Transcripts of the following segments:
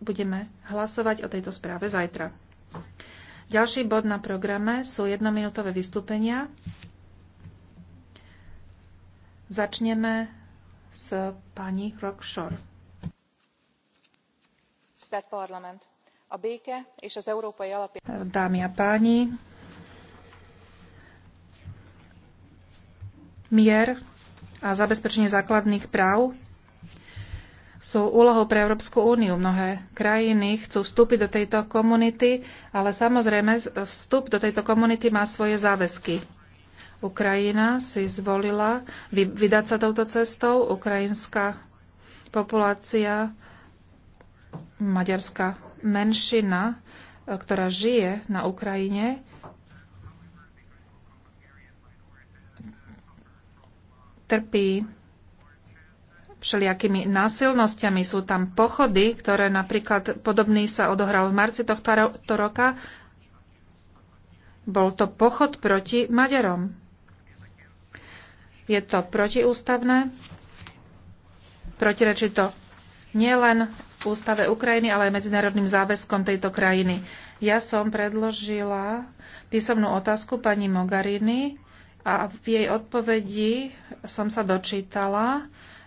budeme hlasovať o tejto správe zajtra. Ďalší bod na programe sú jednominútové vystúpenia. Začneme s pani Rockshore. Dámy a páni, mier a zabezpečenie základných práv sú úlohou pre Európsku úniu. Mnohé krajiny chcú vstúpiť do tejto komunity, ale samozrejme vstup do tejto komunity má svoje záväzky. Ukrajina si zvolila vydať sa touto cestou. Ukrajinská populácia, maďarská menšina, ktorá žije na Ukrajine, trpí všelijakými násilnosťami. Sú tam pochody, ktoré napríklad podobný sa odohral v marci tohto roka. Bol to pochod proti Maďarom. Je to protiústavné, protirečí to nielen ústave Ukrajiny, ale aj medzinárodným záväzkom tejto krajiny. Ja som predložila písomnú otázku pani Mogarini a v jej odpovedi som sa dočítala,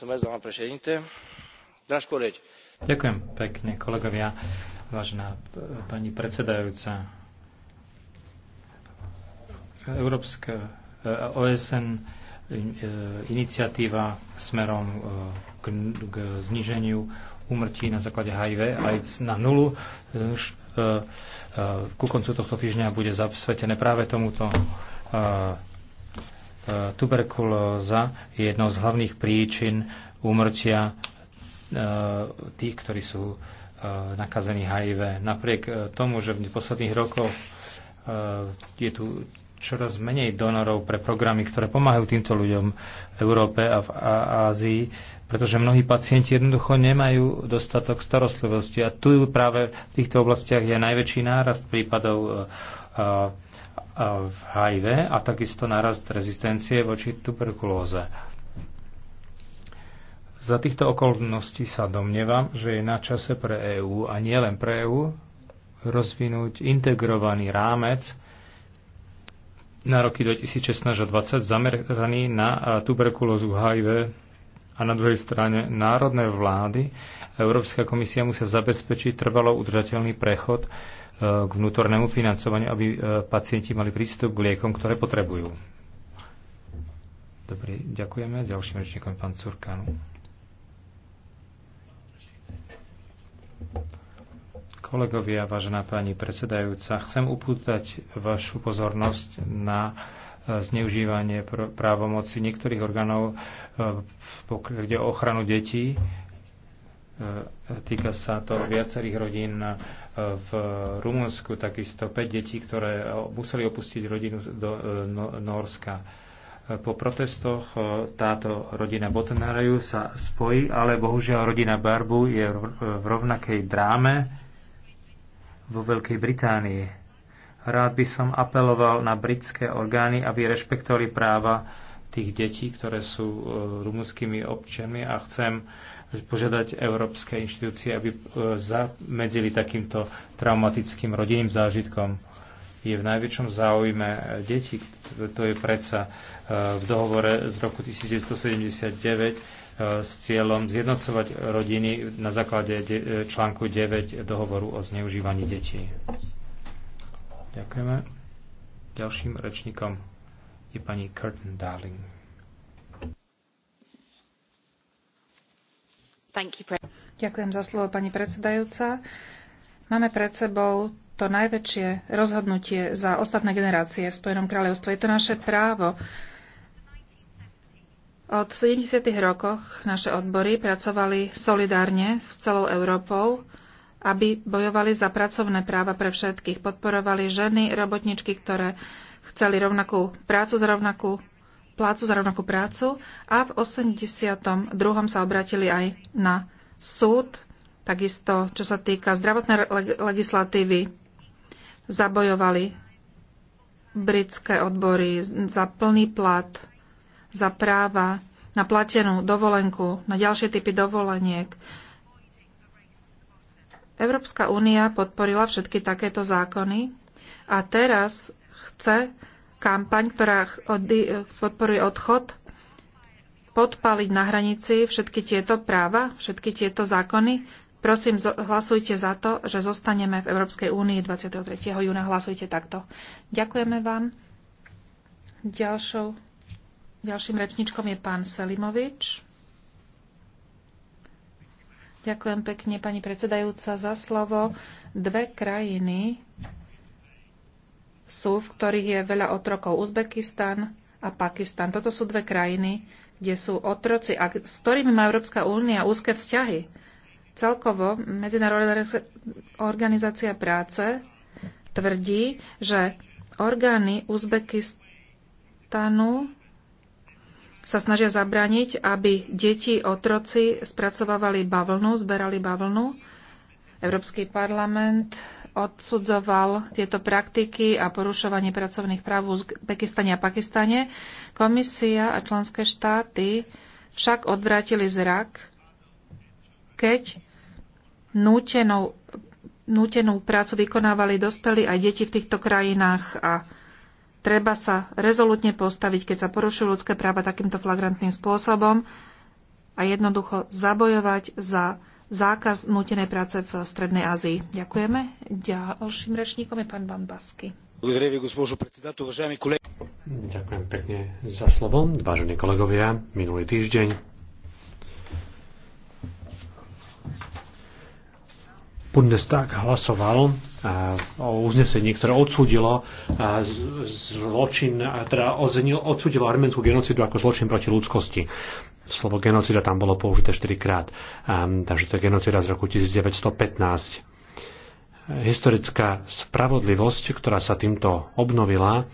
doamnă președintă dragi colegi Ďakujem pekne, kolegovia. Vážená pani predsedajúca, Európska OSN e, iniciatíva smerom e, k, k zniženiu úmrtí na základe HIV AIDS na nulu e, ku koncu tohto týždňa bude zasvetené práve tomuto E, tuberkulóza je jednou z hlavných príčin úmrtia e, tých, ktorí sú e, nakazení HIV. Napriek tomu, že v posledných rokoch je tu čoraz menej donorov pre programy, ktoré pomáhajú týmto ľuďom v Európe a v Ázii, pretože mnohí pacienti jednoducho nemajú dostatok starostlivosti. A tu práve v týchto oblastiach je najväčší nárast prípadov v HIV a takisto narast rezistencie voči tuberkulóze. Za týchto okolností sa domnievam, že je na čase pre EÚ a nielen pre EÚ rozvinúť integrovaný rámec na roky 2016 a 2020 zameraný na tuberkulózu HIV a na druhej strane národné vlády a Európska komisia musia zabezpečiť trvalo udržateľný prechod Eh, k vnútornému financovaniu, aby eh, pacienti mali prístup k liekom, ktoré potrebujú. Dobre, ďakujeme. Ďalším rečníkom pán Curkan. Kolegovia, vážená pani predsedajúca, chcem upútať vašu pozornosť na eh, zneužívanie právomoci niektorých orgánov, kde o ochranu detí Týka sa to viacerých rodín e, v Rumunsku, takisto 5 detí, ktoré museli opustiť rodinu do e, no-, Norska. E, po protestoch táto rodina Botenáraju sa spojí, ale bohužiaľ rodina Barbu je v rovnakej dráme vo Veľkej Británii. Rád by som apeloval na britské orgány, aby rešpektovali práva tých detí, ktoré sú rumunskými občanmi a chcem požiadať európske inštitúcie, aby e, zamedzili takýmto traumatickým rodinným zážitkom. Je v najväčšom záujme detí, to je predsa e, v dohovore z roku 1979 e, s cieľom zjednocovať rodiny na základe článku 9 dohovoru o zneužívaní detí. Ďakujeme. Ďalším rečníkom je pani Curtin Darling. Ďakujem za slovo, pani predsedajúca. Máme pred sebou to najväčšie rozhodnutie za ostatné generácie v Spojenom kráľovstve. Je to naše právo. Od 70. rokoch naše odbory pracovali solidárne s celou Európou, aby bojovali za pracovné práva pre všetkých. Podporovali ženy, robotničky, ktoré chceli rovnakú prácu za rovnakú plácu za rovnakú prácu a v 82. sa obratili aj na súd, takisto čo sa týka zdravotnej legislatívy, zabojovali britské odbory za plný plat, za práva na platenú dovolenku, na ďalšie typy dovoleniek. Európska únia podporila všetky takéto zákony a teraz chce kampaň, ktorá podporuje odchod, podpaliť na hranici všetky tieto práva, všetky tieto zákony. Prosím, hlasujte za to, že zostaneme v Európskej únii 23. júna. Hlasujte takto. Ďakujeme vám. Ďalšou, ďalším rečničkom je pán Selimovič. Ďakujem pekne, pani predsedajúca, za slovo. Dve krajiny sú, v ktorých je veľa otrokov Uzbekistan a Pakistan. Toto sú dve krajiny, kde sú otroci a s ktorými má Európska únia úzke vzťahy. Celkovo Medzinárodná organizácia práce tvrdí, že orgány Uzbekistanu sa snažia zabrániť, aby deti, otroci spracovávali bavlnu, zberali bavlnu. Európsky parlament odsudzoval tieto praktiky a porušovanie pracovných práv v Uzbekistane a Pakistane. Komisia a členské štáty však odvrátili zrak, keď nútenou, nútenú prácu vykonávali dospelí aj deti v týchto krajinách a treba sa rezolutne postaviť, keď sa porušujú ľudské práva takýmto flagrantným spôsobom a jednoducho zabojovať za zákaz nutenej práce v Strednej Ázii. Ďakujeme. Ďalším rečníkom je pán Van Basky. Ďakujem pekne za slovo, vážení kolegovia. Minulý týždeň Bundestag hlasoval o uznesení, ktoré odsúdilo zločin, teda odsúdilo arménskú genocidu ako zločin proti ľudskosti slovo genocida tam bolo použité 4 krát. Um, ehm, takže to je genocida z roku 1915. Historická spravodlivosť, ktorá sa týmto obnovila,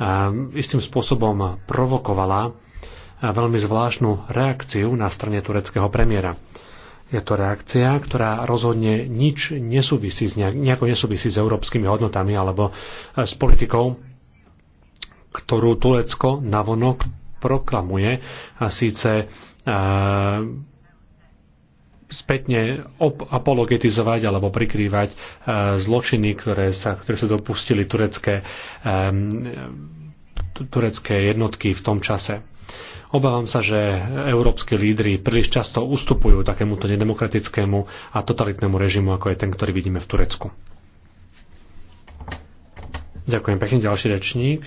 um, istým spôsobom provokovala eh, veľmi zvláštnu reakciu na strane tureckého premiéra. Je to reakcia, ktorá rozhodne nič nesúvisí s, nejako nesúvisí s európskymi hodnotami alebo eh, s politikou, ktorú Turecko navonok proklamuje a síce e, spätne apologetizovať alebo prikrývať e, zločiny, ktoré sa, ktoré sa dopustili turecké, e, turecké jednotky v tom čase. Obávam sa, že európsky lídry príliš často ustupujú takémuto nedemokratickému a totalitnému režimu, ako je ten, ktorý vidíme v Turecku. Ďakujem pekne, ďalší rečník. E,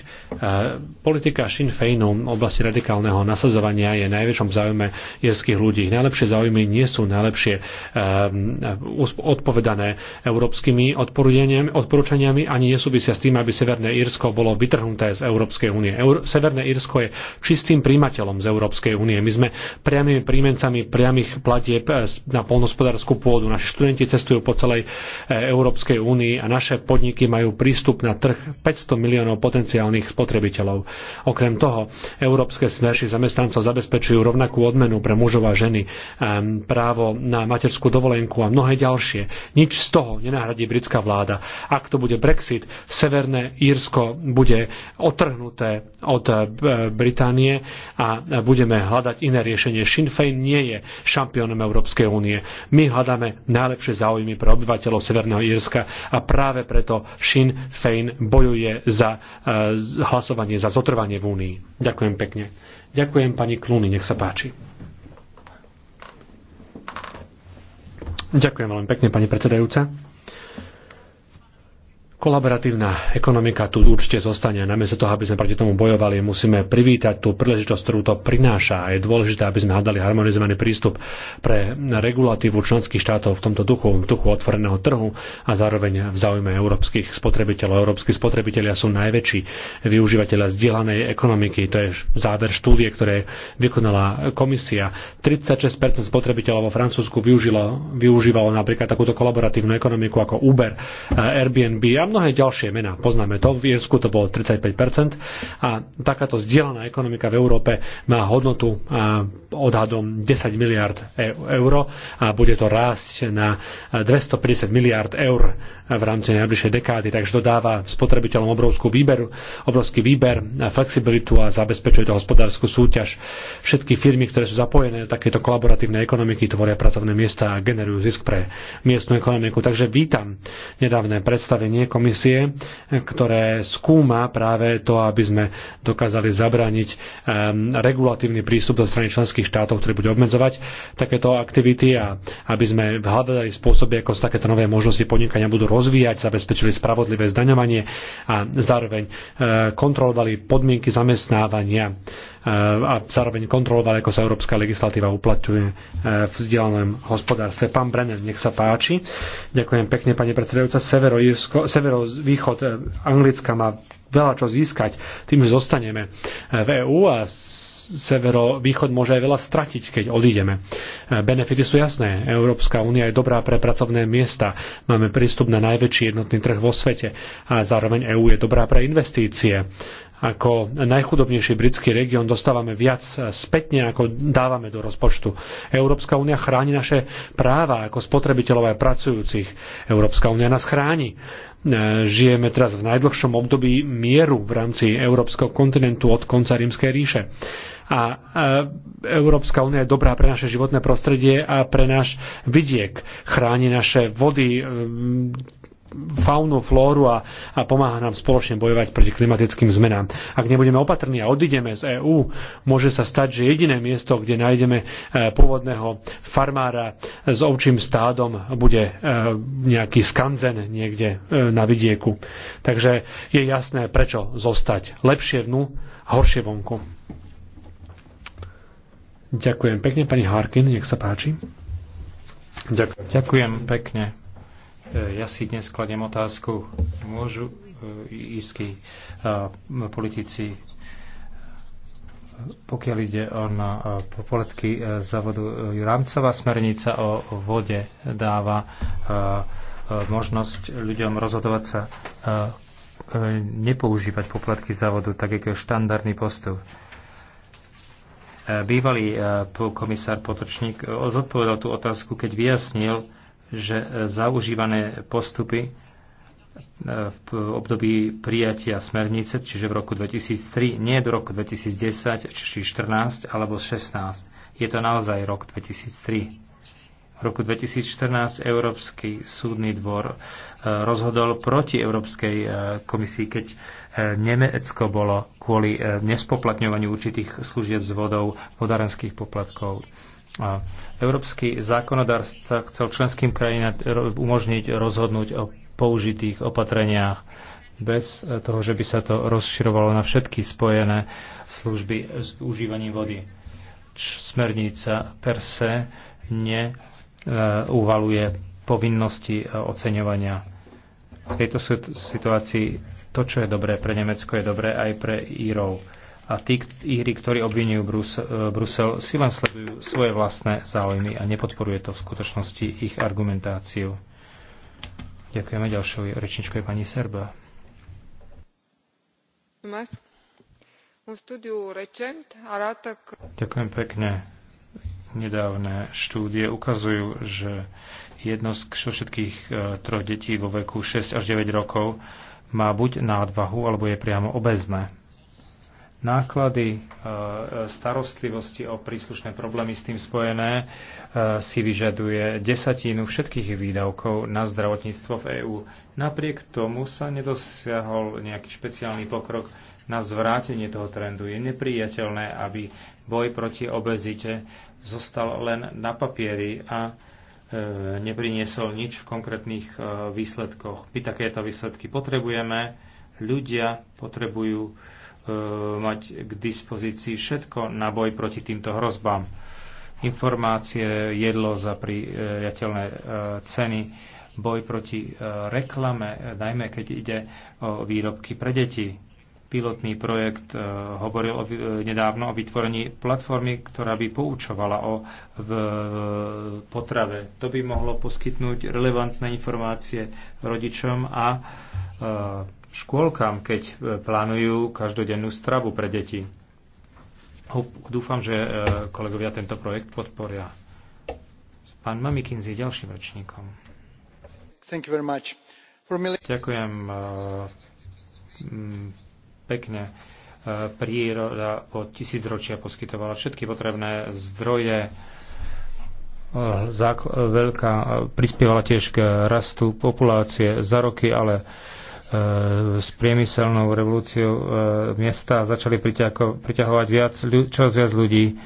politika Sinn Féinu v oblasti radikálneho nasadzovania je najväčšom záujme jerských ľudí. Ich najlepšie záujmy nie sú najlepšie e, e, odpovedané európskymi odporúčaniami ani nesúvisia s tým, aby Severné Írsko bolo vytrhnuté z Európskej únie. Eur- Severné Írsko je čistým príjimateľom z Európskej únie. My sme priamými príjmencami priamých platieb na polnospodárskú pôdu. Naši študenti cestujú po celej Európskej únii a naše podniky majú prístup na trh 500 miliónov potenciálnych spotrebiteľov. Okrem toho, európske smerši zamestnancov zabezpečujú rovnakú odmenu pre mužov a ženy, právo na materskú dovolenku a mnohé ďalšie. Nič z toho nenahradí britská vláda. Ak to bude Brexit, Severné Írsko bude otrhnuté od eh, Británie a budeme hľadať iné riešenie. Sinn Féin nie je šampiónom Európskej únie. My hľadáme najlepšie záujmy pre obyvateľov Severného Írska a práve preto Sinn Féin bojuje bojuje za eh, hlasovanie za zotrvanie v Únii. Ďakujem pekne. Ďakujem pani Klúny, nech sa páči. Ďakujem veľmi pekne, pani predsedajúca. Kolaboratívna ekonomika tu určite zostane namiesto toho, aby sme proti tomu bojovali, musíme privítať tú príležitosť, ktorú to prináša. A je dôležité, aby sme hľadali harmonizovaný prístup pre regulatívu členských štátov v tomto duchu, v duchu otvoreného trhu a zároveň v záujme európskych spotrebiteľov. Európsky spotrebitelia sú najväčší využívateľa zdieľanej ekonomiky. To je záver štúdie, ktoré vykonala komisia. 36% spotrebiteľov vo Francúzsku využívalo napríklad takúto kolaboratívnu ekonomiku ako Uber, Airbnb a mnohé ďalšie mená. Poznáme to, v Írsku to bolo 35% a takáto zdieľaná ekonomika v Európe má hodnotu odhadom 10 miliard eur a bude to rásť na 250 miliard eur v rámci najbližšej dekády, takže to dáva spotrebiteľom obrovskú výber, obrovský výber, flexibilitu a zabezpečuje to hospodárskú súťaž. Všetky firmy, ktoré sú zapojené do takéto kolaboratívnej ekonomiky, tvoria pracovné miesta a generujú zisk pre miestnu ekonomiku. Takže vítam nedávne predstavenie komisie, ktoré skúma práve to, aby sme dokázali zabrániť regulatívny prístup do strany členských štátov, ktorý bude obmedzovať takéto aktivity a aby sme hľadali spôsoby, ako sa takéto nové možnosti podnikania budú rozvíjať, zabezpečili spravodlivé zdaňovanie a zároveň eh, kontrolovali podmienky zamestnávania a zároveň kontrolovať, ako sa európska legislatíva uplatňuje e, v vzdialenom hospodárstve. Pán Brenner, nech sa páči. Ďakujem pekne, pani predsedajúca. Severo, severovýchod e, Anglicka má veľa čo získať tým, že zostaneme e, v EÚ a severovýchod môže aj veľa stratiť, keď odídeme. Benefity sú jasné. Európska únia je dobrá pre pracovné miesta. Máme prístup na najväčší jednotný trh vo svete a zároveň EÚ je dobrá pre investície ako najchudobnejší britský región dostávame viac spätne, ako dávame do rozpočtu. Európska únia chráni naše práva ako spotrebiteľov aj pracujúcich. Európska únia nás chráni. E, žijeme teraz v najdlhšom období mieru v rámci európskeho kontinentu od konca Rímskej ríše a e, Európska únia je dobrá pre naše životné prostredie a pre náš vidiek. Chráni naše vody, e, faunu, flóru a, a pomáha nám spoločne bojovať proti klimatickým zmenám. Ak nebudeme opatrní a odídeme z EÚ, môže sa stať, že jediné miesto, kde nájdeme e, pôvodného farmára s ovčím stádom, bude e, nejaký skanzen niekde e, na vidieku. Takže je jasné, prečo zostať lepšie vnú, horšie vonku. Ďakujem pekne, pani Harkin, nech sa páči. Ďakujem. Ďakujem pekne, E, ja si dnes kladem otázku, môžu e, írsky e, politici pokiaľ ide o na poletky závodu rámcová smernica o vode dáva možnosť ľuďom rozhodovať sa nepoužívať poplatky vodu, tak ako je štandardný postup. Bývalý komisár Potočník zodpovedal tú otázku, keď vyjasnil, že e, zaužívané postupy e, v období prijatia smernice, čiže v roku 2003, nie do roku 2010, či 2014 alebo 16. Je to naozaj rok 2003. V roku 2014 Európsky súdny dvor e, rozhodol proti Európskej komisii, keď Nemecko bolo kvôli nespoplatňovaniu určitých služieb z vodou vodárenských poplatkov. Európsky zákonodárca chcel členským krajinám umožniť rozhodnúť o použitých opatreniach bez eh, toho, že by sa to rozširovalo na všetky spojené služby s užívaním vody. Smernica per se neuvaluje eh, povinnosti eh, oceňovania. V tejto situácii to, čo je dobré pre Nemecko, je dobré aj pre Írov a tí Íri, ktorí obvinujú e, Brusel, si len sledujú svoje vlastné záujmy a nepodporuje to v skutočnosti ich argumentáciu. Ďakujeme ďalšou rečničkou je pani Serba. Ďakujem pekne. Nedávne štúdie ukazujú, že jedno z všetkých e, troch detí vo veku 6 až 9 rokov má buď nádvahu, alebo je priamo obezné náklady e, e, starostlivosti o príslušné problémy s tým spojené e, si vyžaduje desatinu všetkých výdavkov na zdravotníctvo v EÚ. Napriek tomu sa nedosiahol nejaký špeciálny pokrok na zvrátenie toho trendu. Je nepriateľné, aby boj proti obezite zostal len na papieri a nepriniesol nič v konkrétnych výsledkoch. My takéto výsledky potrebujeme, ľudia potrebujú E, mať k dispozícii všetko na boj proti týmto hrozbám. Informácie, jedlo za priateľné e, ceny, boj proti e, reklame, najmä keď ide o výrobky pre deti. Pilotný projekt hovoril o, nedávno o vytvorení platformy, ktorá by poučovala o v potrave. To by mohlo poskytnúť relevantné informácie rodičom a škôlkam, keď e, plánujú každodennú stravu pre deti. Dúfam, že e, kolegovia tento projekt podporia. Pán Mamikin je ďalším ročníkom. Thank you very much. For mil- Ďakujem e, pekne. Príroda od tisícročia poskytovala všetky potrebné zdroje, veľká, prispievala tiež k rastu populácie za roky, ale E, s priemyselnou revolúciou e, mesta začali priťahovať viac, čoraz viac ľudí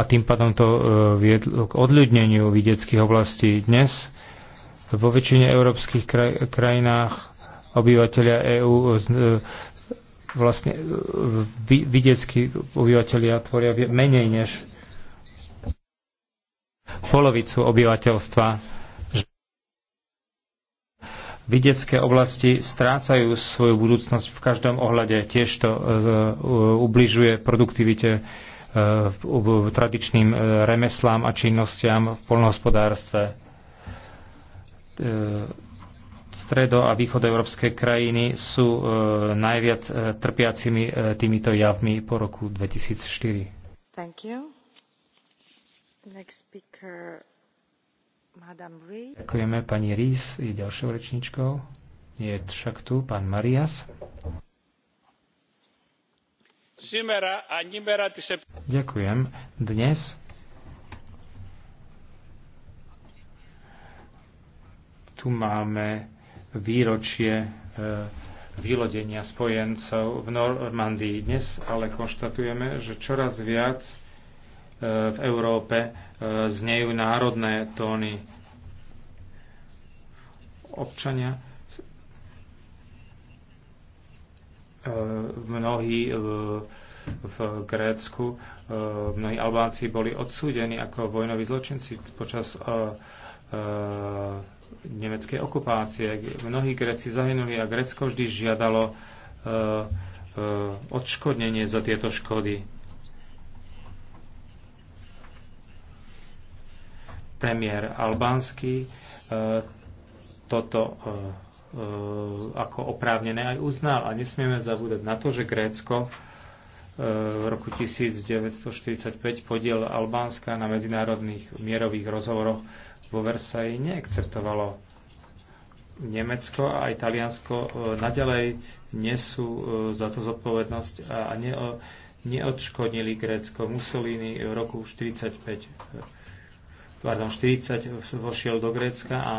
a tým pádom to e, viedlo k odľudneniu vidieckých oblastí. Dnes vo väčšine európskych kraj, krajinách obyvateľia EÚ vlastne vidieckí obyvateľia tvoria menej než polovicu obyvateľstva Vidiecké oblasti strácajú svoju budúcnosť v každom ohľade. Tiež to e, e, ubližuje produktivite e, tradičným remeslám a činnostiam v polnohospodárstve. Stredo- a východoeurópske krajiny sú najviac trpiacimi týmito javmi po roku 2004. Thank you. Next speaker Ďakujeme pani Rís, je ďalšou rečničkou. Je však tu pán Marias. Ďakujem. Dnes tu máme výročie e, vylodenia spojencov v Normandii. Dnes ale konštatujeme, že čoraz viac v Európe e, znejú národné tóny. Občania e, mnohí e, v Grécku, mnohí Albánci boli odsúdení ako vojnoví zločinci počas nemeckej okupácie. Mnohí Gréci zahynuli a Grécko vždy žiadalo odškodnenie za tieto škody premiér albánsky e, toto e, e, ako oprávnené aj uznal. A nesmieme zabúdať na to, že Grécko v roku 1945 podiel Albánska na medzinárodných mierových rozhovoroch vo Versailles neakceptovalo. Nemecko a Italiansko naďalej nesú za to zodpovednosť a neodškodnili Grécko. Mussolini v roku 1945 pardon, 40 vošiel do Grécka a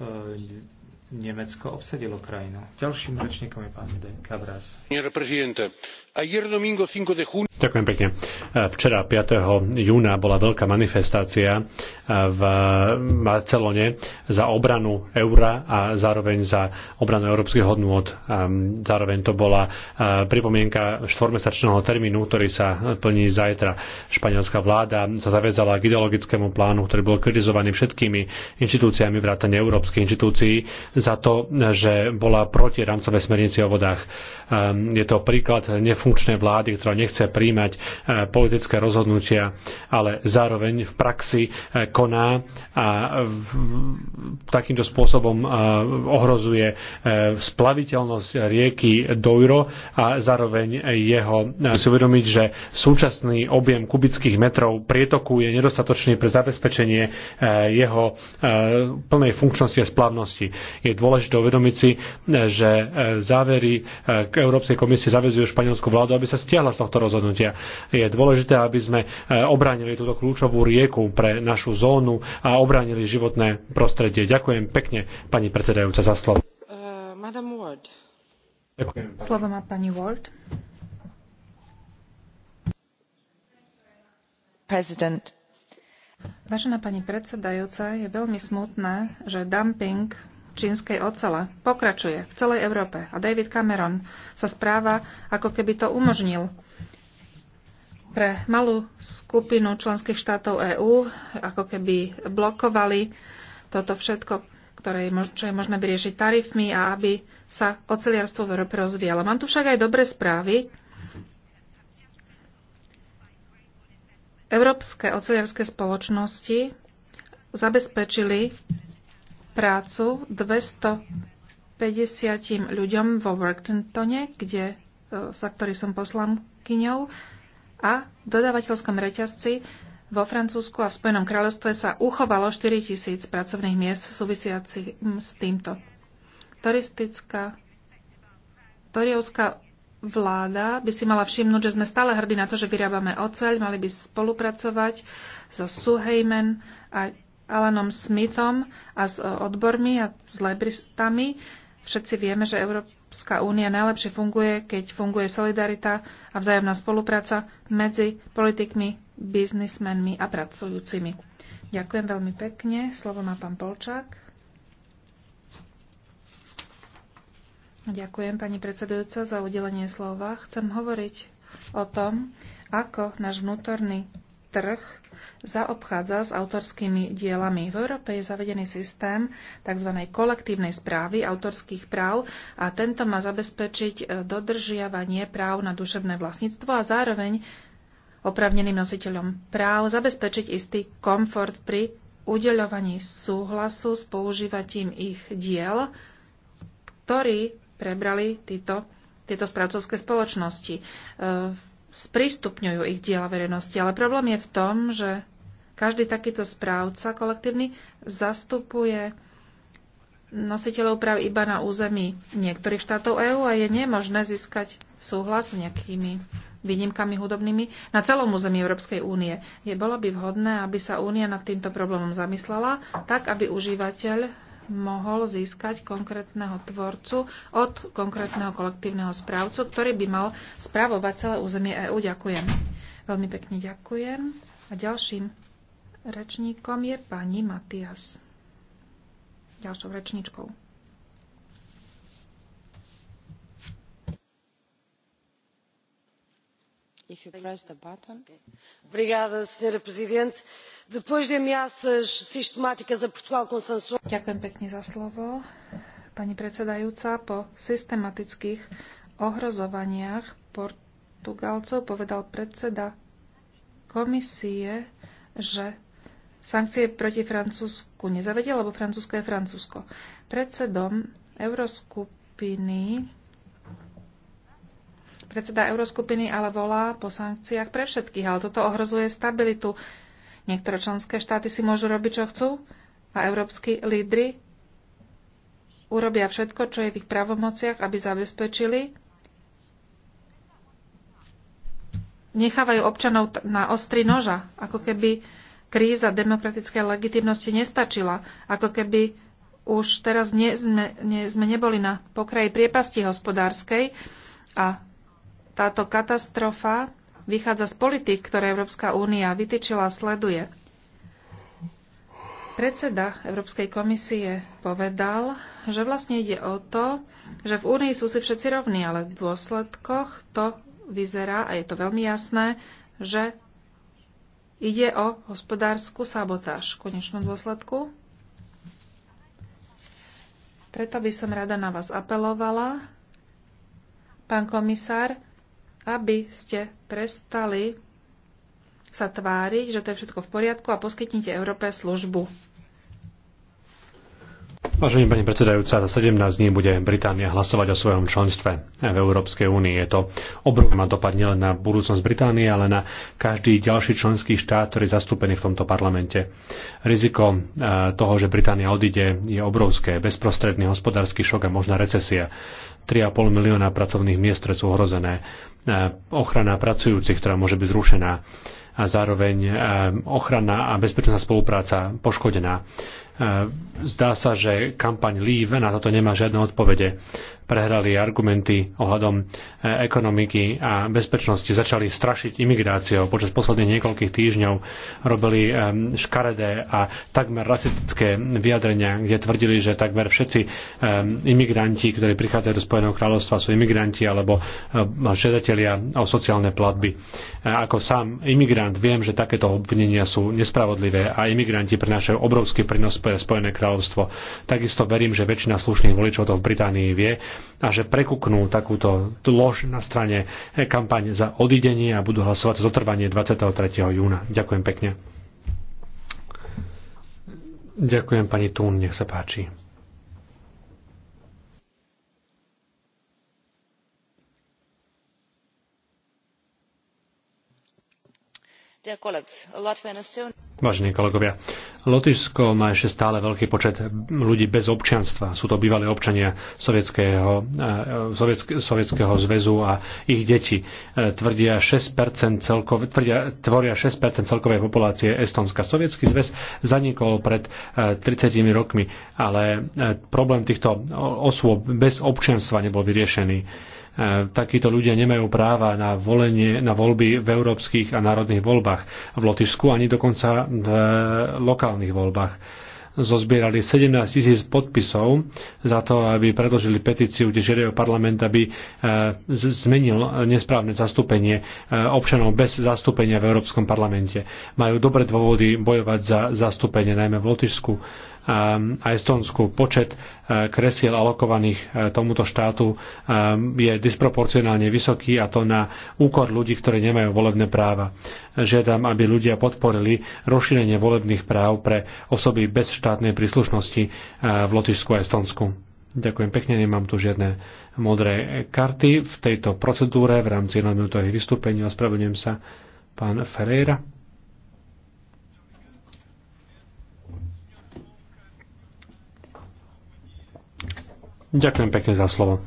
e, Nemecko obsadilo krajinu. Ďalším rečníkom je pán De Cabras. Ďakujem pekne. E, včera 5. júna bola veľká manifestácia e, v Barcelone za obranu eura a zároveň za obranu európskych hodnôt. E, zároveň to bola pripomienka štvormesačného termínu, ktorý sa plní zajtra. Španielská vláda sa zavezala k ideologickému plánu, ktorý bol kritizovaný všetkými inštitúciami vrátane európskych inštitúcií za to, že bola proti rámcovej smernici o vodách. Je to príklad nefunkčnej vlády, ktorá nechce prijať príjmať e, politické rozhodnutia, ale zároveň v praxi e, koná a takýmto spôsobom e, ohrozuje splaviteľnosť rieky Dojro a zároveň jeho si uvedomiť, že súčasný objem kubických metrov prietoku je nedostatočný pre zabezpečenie jeho plnej funkčnosti a splavnosti. Je dôležité uvedomiť si, že závery k Európskej komisie zavezujú španielskú vládu, aby sa stiahla z tohto rozhodnutia rozhodnutia. Je dôležité, aby sme eh, obránili túto kľúčovú rieku pre našu zónu a obránili životné prostredie. Ďakujem pekne, pani predsedajúca, za slovo. Uh, Ward. Ďakujem. Slovo má pani Ward. President. Vážená pani predsedajúca, je veľmi smutné, že dumping čínskej ocele pokračuje v celej Európe a David Cameron sa správa, ako keby to umožnil pre malú skupinu členských štátov EÚ ako keby blokovali toto všetko, ktoré je, mož- čo je možné vyriešiť tarifmi a aby sa oceliarstvo v Európe rozvíjalo. Mám tu však aj dobré správy. Európske oceliarské spoločnosti zabezpečili prácu 250 ľuďom vo Worktontone, kde, e, za ktorý som poslankyňou, a v dodávateľskom reťazci vo Francúzsku a v Spojenom kráľovstve sa uchovalo 4 tisíc pracovných miest súvisiacich mm, s týmto. Turistická, toriovská vláda by si mala všimnúť, že sme stále hrdí na to, že vyrábame oceľ, mali by spolupracovať so Suheimen a Alanom Smithom a s e, odbormi a s lebristami Všetci vieme, že Európska únia najlepšie funguje, keď funguje solidarita a vzájomná spolupráca medzi politikmi, biznismenmi a pracujúcimi. Ďakujem veľmi pekne. Slovo má pán Polčák. Ďakujem, pani predsedujúca, za udelenie slova. Chcem hovoriť o tom, ako náš vnútorný trh zaobchádza s autorskými dielami. V Európe je zavedený systém tzv. kolektívnej správy autorských práv a tento má zabezpečiť e, dodržiavanie práv na duševné vlastníctvo a zároveň opravneným nositeľom práv zabezpečiť istý komfort pri udeľovaní súhlasu s používatím ich diel, ktorý prebrali títo, tieto správcovské spoločnosti. V e, sprístupňujú ich diela verejnosti. Ale problém je v tom, že každý takýto správca kolektívny zastupuje nositeľov práv iba na území niektorých štátov EÚ a je nemožné získať súhlas s nejakými výnimkami hudobnými na celom území Európskej únie. Je bolo by vhodné, aby sa únia nad týmto problémom zamyslela, tak aby užívateľ mohol získať konkrétneho tvorcu od konkrétneho kolektívneho správcu, ktorý by mal správovať celé územie EÚ. Ďakujem. Veľmi pekne ďakujem. A ďalším rečníkom je pani Matias. Ďalšou rečníčkou. senhora presidente depois de ameaças sistemáticas a portugal com sanções. ďakujem pekne za slovo pani predsedajúca po systematických ohrozovaniach portugalcov povedal predseda komisie že sankcie proti francúzsku nezavedie lebo francúzsko je francúzsko. predsedom euroskupiny predseda Euroskupiny ale volá po sankciách pre všetkých, ale toto ohrozuje stabilitu. Niektoré členské štáty si môžu robiť, čo chcú a európsky lídry urobia všetko, čo je v ich pravomociach, aby zabezpečili. Nechávajú občanov na ostri noža, ako keby kríza demokratickej legitimnosti nestačila, ako keby už teraz nie sme, nie sme neboli na pokraji priepasti hospodárskej a táto katastrofa vychádza z politik, ktoré Európska únia vytýčila a sleduje. Predseda Európskej komisie povedal, že vlastne ide o to, že v únii sú si všetci rovní, ale v dôsledkoch to vyzerá, a je to veľmi jasné, že ide o hospodárskú sabotáž v konečnom dôsledku. Preto by som rada na vás apelovala, pán komisár, aby ste prestali sa tváriť, že to je všetko v poriadku a poskytnite Európe službu. Vážení pani predsedajúca, za 17 dní bude Británia hlasovať o svojom členstve v Európskej únii. Je to obrovná má dopad nielen na budúcnosť Británie, ale na každý ďalší členský štát, ktorý je zastúpený v tomto parlamente. Riziko e, toho, že Británia odíde, je obrovské. Bezprostredný hospodársky šok a možná recesia. 3,5 milióna pracovných miest, ktoré sú ohrozené, e, ochrana pracujúcich, ktorá môže byť zrušená a zároveň e, ochrana a bezpečná spolupráca poškodená. E, zdá sa, že kampaň Leave na toto nemá žiadne odpovede prehrali argumenty ohľadom e, ekonomiky a bezpečnosti, začali strašiť imigráciou. Počas posledných niekoľkých týždňov robili e, škaredé a takmer rasistické vyjadrenia, kde tvrdili, že takmer všetci e, imigranti, ktorí prichádzajú do Spojeného kráľovstva, sú imigranti alebo žiadatelia o sociálne platby. Ako sám imigrant viem, že takéto obvinenia sú nespravodlivé a imigranti prinášajú obrovský prínos pre Spojené kráľovstvo. Takisto verím, že väčšina slušných voličov to v Británii vie a že prekuknú takúto lož na strane eh, kampaň za odidenie a budú hlasovať zotrvanie 23. júna. Ďakujem pekne. Ďakujem pani Tún, nech sa páči. Vážení kolegovia, Lotyšsko má ešte stále veľký počet ľudí bez občianstva. Sú to bývalí občania Sovietskeho, eh, Sovietske, Sovietskeho zväzu a ich deti. Eh, tvrdia 6 celkov, tvrdia, tvoria 6 celkovej populácie Estonska. Sovietský zväz zanikol pred 30 eh, rokmi, ale problém týchto osôb bez občianstva nebol vyriešený E, takíto ľudia nemajú práva na, volenie, na voľby v európskych a národných voľbách v Lotyšsku ani dokonca v lokálnych voľbách. Zozbierali 17 tisíc podpisov za to, aby predložili petíciu, kde žiadajú parlament, aby e, zmenil nesprávne zastúpenie e, občanov bez zastúpenia v Európskom parlamente. Majú dobré dôvody bojovať za zastúpenie, najmä v Lotyšsku Ehm, aj Estonsku. Počet e, kresiel alokovaných e, tomuto štátu e, je disproporcionálne vysoký a to na úkor ľudí, ktorí nemajú volebné práva. Žiadam, aby ľudia podporili rozšírenie volebných práv pre osoby bez štátnej príslušnosti v Lotyšsku a Estonsku. Ďakujem pekne, nemám tu žiadne modré karty v tejto procedúre v rámci jednominútových vystúpení. Ospravedlňujem sa, pán Ferreira. Ďakujem pekne za slovo.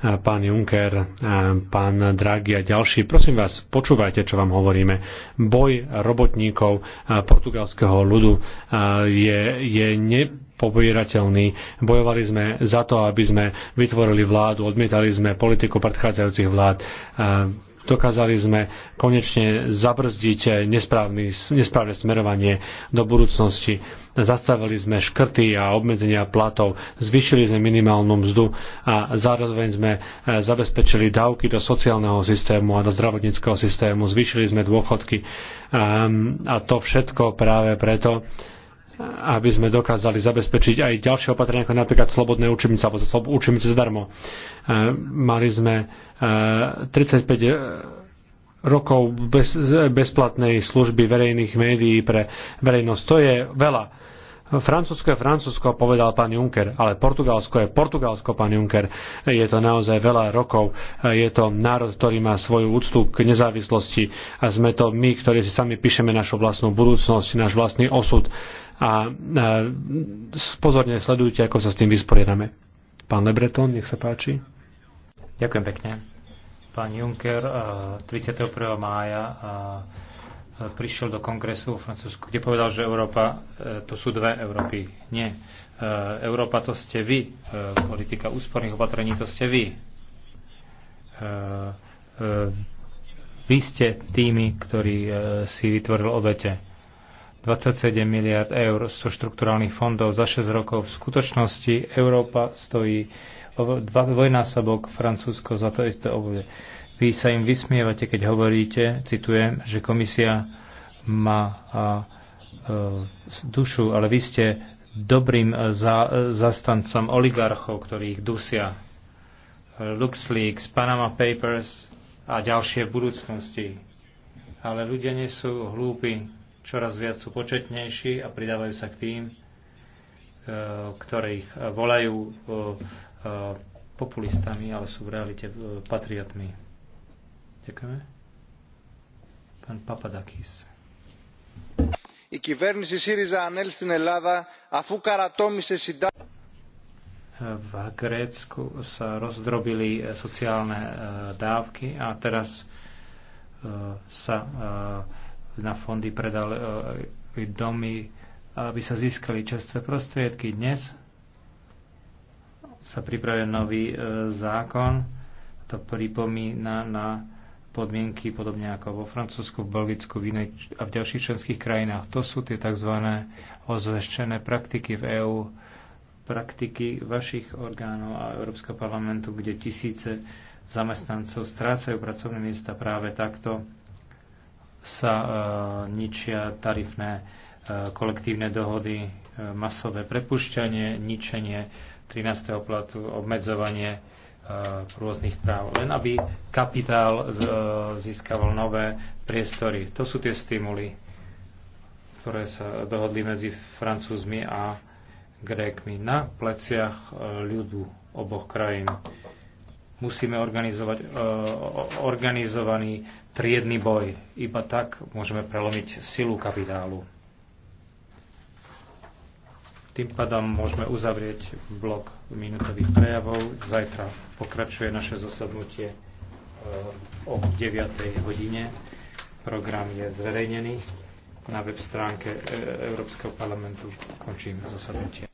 Pán Juncker, pán Draghi a ďalší, prosím vás, počúvajte, čo vám hovoríme. Boj robotníkov portugalského ľudu je, je ne pobojerateľný. Bojovali sme za to, aby sme vytvorili vládu, odmietali sme politiku predchádzajúcich vlád dokázali sme konečne zabrzdiť nesprávny, nesprávne smerovanie do budúcnosti. Zastavili sme škrty a obmedzenia platov, zvýšili sme minimálnu mzdu a zároveň sme e, zabezpečili dávky do sociálneho systému a do zdravotníckého systému, zvýšili sme dôchodky ehm, a to všetko práve preto, aby sme dokázali zabezpečiť aj ďalšie opatrenia, ako napríklad slobodné učebnice alebo učebnice zadarmo. E, mali sme 35 e, e, rokov bez, bezplatnej služby verejných médií pre verejnosť. To je veľa. Francúzsko je Francúzsko, povedal pán Juncker, ale Portugalsko je Portugalsko, pán Juncker. Je to naozaj veľa rokov. Je to národ, ktorý má svoju úctu k nezávislosti a sme to my, ktorí si sami píšeme našu vlastnú budúcnosť, náš vlastný osud a pozorne sledujte, ako sa s tým vysporiadame. Pán Lebreton, nech sa páči. Ďakujem pekne. Pán Juncker 31. mája prišiel do kongresu v Francúzsku, kde povedal, že Európa e, to sú dve Európy. Nie. E, Európa to ste vy. E, politika úsporných opatrení to ste vy. Vy ste tými, ktorí si vytvoril obete 27 miliard eur zo štrukturálnych fondov za 6 rokov. V skutočnosti Európa stojí dva dvojnásobok Francúzsko za to isté obdobie. Vy sa im vysmievate, keď hovoríte, citujem, že komisia má a, a, e, dušu, ale vy ste dobrým e, za, e, zastancom oligarchov, ktorí ich dusia. LuxLeaks, Panama Papers a ďalšie budúcnosti. Ale ľudia nie sú hlúpi čoraz viac sú početnejší a pridávajú sa k tým, e, ktorých e, volajú e, populistami, ale sú v realite patriotmi. Ďakujeme. Pán Papadakis. Η κυβέρνηση ΣΥΡΙΖΑ ανέλθει στην Ελλάδα αφού καρατόμησε συντάξει. V Grécku sa rozdrobili sociálne dávky a teraz sa na fondy predali e, domy, aby sa získali čerstvé prostriedky. Dnes sa pripravuje nový e, zákon, to pripomína na podmienky podobne ako vo Francúzsku, v Belgicku v inej, a v ďalších členských krajinách. To sú tie tzv. ozveštené praktiky v EÚ, praktiky vašich orgánov a Európskeho parlamentu, kde tisíce zamestnancov strácajú pracovné miesta práve takto sa e, ničia tarifné e, kolektívne dohody, e, masové prepušťanie, ničenie 13. platu, obmedzovanie rôznych práv, len aby kapitál získaval nové priestory. To sú tie stimuly, ktoré sa dohodli medzi Francúzmi a Grékmi na pleciach ľudu oboch krajín. Musíme organizovať organizovaný triedny boj. Iba tak môžeme prelomiť silu kapitálu. Tým pádom môžeme uzavrieť blok minútových prejavov. Zajtra pokračuje naše zasadnutie e, o 9. hodine. Program je zverejnený na web stránke e, Európskeho parlamentu. Končím zasadnutie.